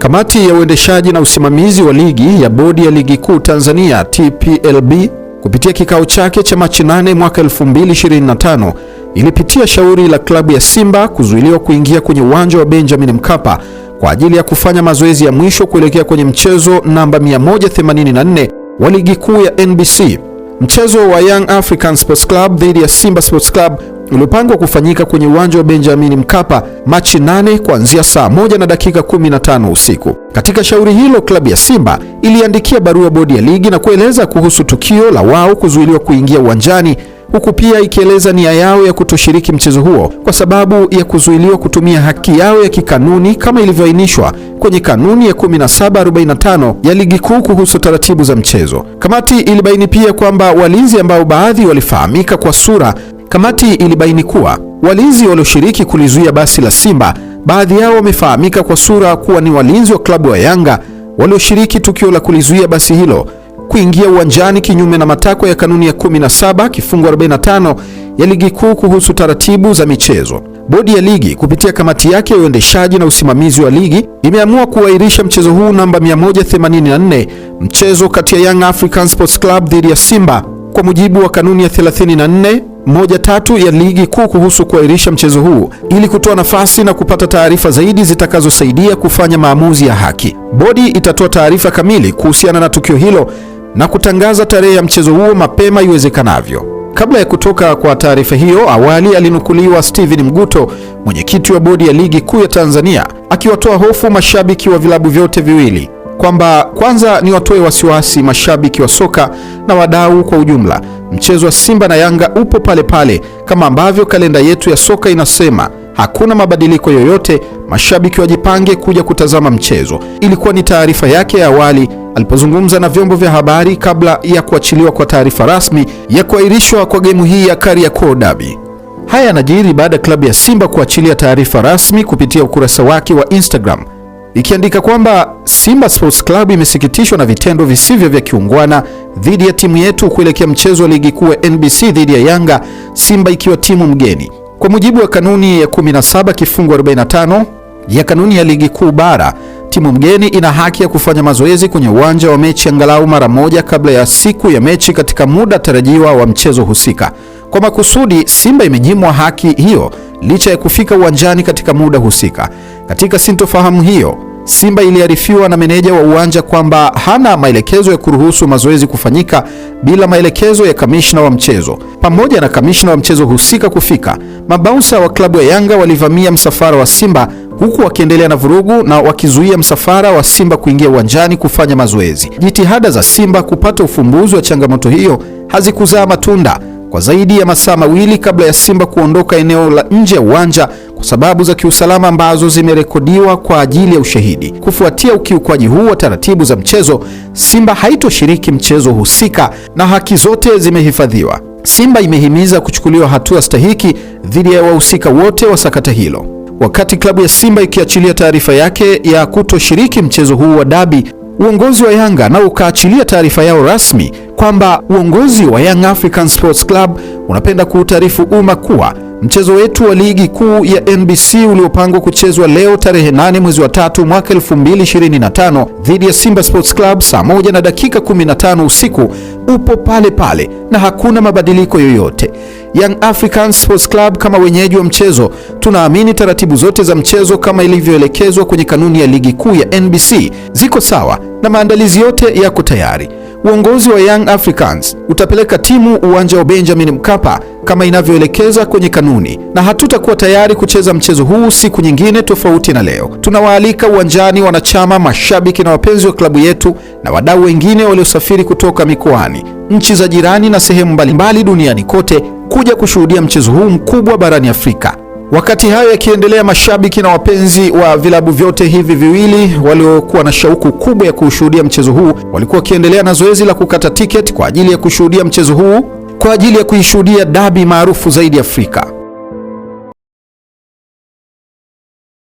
Kamati ya uendeshaji na usimamizi wa ligi ya bodi ya ligi kuu Tanzania TPLB kupitia kikao chake cha Machi 8 mwaka 2025 ilipitia shauri la klabu ya Simba kuzuiliwa kuingia kwenye uwanja wa Benjamin Mkapa kwa ajili ya kufanya mazoezi ya mwisho kuelekea kwenye mchezo namba 184 wa ligi kuu ya NBC. Mchezo wa Young African Sports Club dhidi ya Simba Sports Club uliopangwa kufanyika kwenye uwanja wa Benjamin Mkapa Machi 8 kuanzia saa moja na dakika 15 usiku. Katika shauri hilo, klabu ya Simba iliandikia barua bodi ya ligi na kueleza kuhusu tukio la wao kuzuiliwa kuingia uwanjani huku pia ikieleza nia yao ya kutoshiriki mchezo huo kwa sababu ya kuzuiliwa kutumia haki yao ya kikanuni kama ilivyoainishwa kwenye kanuni ya 1745 ya ligi kuu kuhusu taratibu za mchezo. Kamati ilibaini pia kwamba walinzi ambao baadhi walifahamika kwa sura Kamati ilibaini kuwa walinzi walioshiriki kulizuia basi la Simba, baadhi yao wamefahamika kwa sura kuwa ni walinzi wa klabu ya Yanga walioshiriki tukio la kulizuia basi hilo kuingia uwanjani kinyume na matakwa ya kanuni ya 17 kifungu 45 ya ligi kuu kuhusu taratibu za michezo. Bodi ya ligi kupitia kamati yake ya uendeshaji na usimamizi wa ligi imeamua kuahirisha mchezo huu namba 184, mchezo kati ya Young African Sports Club dhidi ya Simba kwa mujibu wa kanuni ya 34 moja tatu ya ligi kuu kuhusu kuahirisha mchezo huu ili kutoa nafasi na kupata taarifa zaidi zitakazosaidia kufanya maamuzi ya haki. Bodi itatoa taarifa kamili kuhusiana na tukio hilo na kutangaza tarehe ya mchezo huo mapema iwezekanavyo. Kabla ya kutoka kwa taarifa hiyo, awali alinukuliwa Steven Mguto, mwenyekiti wa bodi ya ligi kuu ya Tanzania, akiwatoa hofu mashabiki wa vilabu vyote viwili kwamba kwanza ni watoe wasiwasi mashabiki wa soka na wadau kwa ujumla Mchezo wa Simba na Yanga upo pale pale kama ambavyo kalenda yetu ya soka inasema. Hakuna mabadiliko yoyote, mashabiki wajipange kuja kutazama mchezo. Ilikuwa ni taarifa yake ya awali alipozungumza na vyombo vya habari kabla ya kuachiliwa kwa taarifa rasmi ya kuahirishwa kwa gemu hii ya Kariakoo Derby. Haya yanajiri baada ya klabu ya Simba kuachilia taarifa rasmi kupitia ukurasa wake wa Instagram ikiandika kwamba Simba Sports Club imesikitishwa na vitendo visivyo vya kiungwana dhidi ya timu yetu kuelekea mchezo wa ligi kuu ya NBC dhidi ya Yanga, Simba ikiwa timu mgeni. Kwa mujibu wa kanuni ya 17 kifungu 45 ya kanuni ya ligi kuu bara, timu mgeni ina haki ya kufanya mazoezi kwenye uwanja wa mechi angalau mara moja kabla ya siku ya mechi katika muda tarajiwa wa mchezo husika. Kwa makusudi, Simba imenyimwa haki hiyo licha ya kufika uwanjani katika muda husika. Katika sintofahamu hiyo, Simba iliarifiwa na meneja wa uwanja kwamba hana maelekezo ya kuruhusu mazoezi kufanyika bila maelekezo ya kamishna wa mchezo. Pamoja na kamishna wa mchezo husika kufika, mabaunsa wa klabu ya Yanga walivamia msafara wa Simba huku wakiendelea na vurugu na wakizuia msafara wa Simba kuingia uwanjani kufanya mazoezi. Jitihada za Simba kupata ufumbuzi wa changamoto hiyo hazikuzaa matunda kwa zaidi ya masaa mawili kabla ya Simba kuondoka eneo la nje ya uwanja kwa sababu za kiusalama ambazo zimerekodiwa kwa ajili ya ushahidi. Kufuatia ukiukwaji huu wa taratibu za mchezo, Simba haitoshiriki mchezo husika na haki zote zimehifadhiwa. Simba imehimiza kuchukuliwa hatua stahiki dhidi ya wahusika wote wa sakata hilo. Wakati klabu ya Simba ikiachilia taarifa yake ya kutoshiriki mchezo huu wa dabi, uongozi wa Yanga nao ukaachilia taarifa yao rasmi kwamba uongozi wa Young African Sports Club unapenda kuutaarifu umma kuwa mchezo wetu wa ligi kuu ya NBC uliopangwa kuchezwa leo tarehe 8 mwezi wa tatu mwaka 2025 dhidi ya Simba Sports Club saa moja na dakika 15 usiku upo pale pale na hakuna mabadiliko yoyote. Young African Sports Club kama wenyeji wa mchezo, tunaamini taratibu zote za mchezo kama ilivyoelekezwa kwenye kanuni ya ligi kuu ya NBC ziko sawa na maandalizi yote yako tayari. Uongozi wa Young Africans utapeleka timu uwanja wa Benjamin Mkapa kama inavyoelekeza kwenye kanuni, na hatutakuwa tayari kucheza mchezo huu siku nyingine tofauti na leo. Tunawaalika uwanjani wanachama, mashabiki na wapenzi wa klabu yetu na wadau wengine waliosafiri kutoka mikoani, nchi za jirani na sehemu mbalimbali duniani kote kuja kushuhudia mchezo huu mkubwa barani Afrika. Wakati hayo yakiendelea, mashabiki na wapenzi wa vilabu vyote hivi viwili waliokuwa na shauku kubwa ya kushuhudia mchezo huu walikuwa wakiendelea na zoezi la kukata tiketi kwa ajili ya kushuhudia mchezo huu kwa ajili ya kuishuhudia dabi maarufu zaidi Afrika.